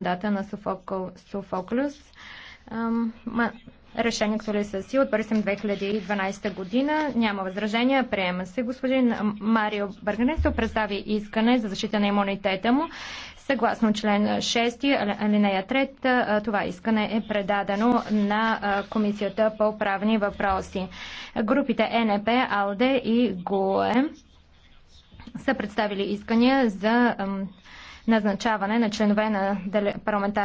дата на Софоклюс. Решението ли са си от 2012 година? Няма възражения. Приема се. Господин Марио се представи искане за защита на имунитета му. Съгласно член 6, алинея 3, това искане е предадено на Комисията по правни въпроси. Групите НП, АЛДЕ и ГОЕ са представили искания за назначаване на членове на парламентарния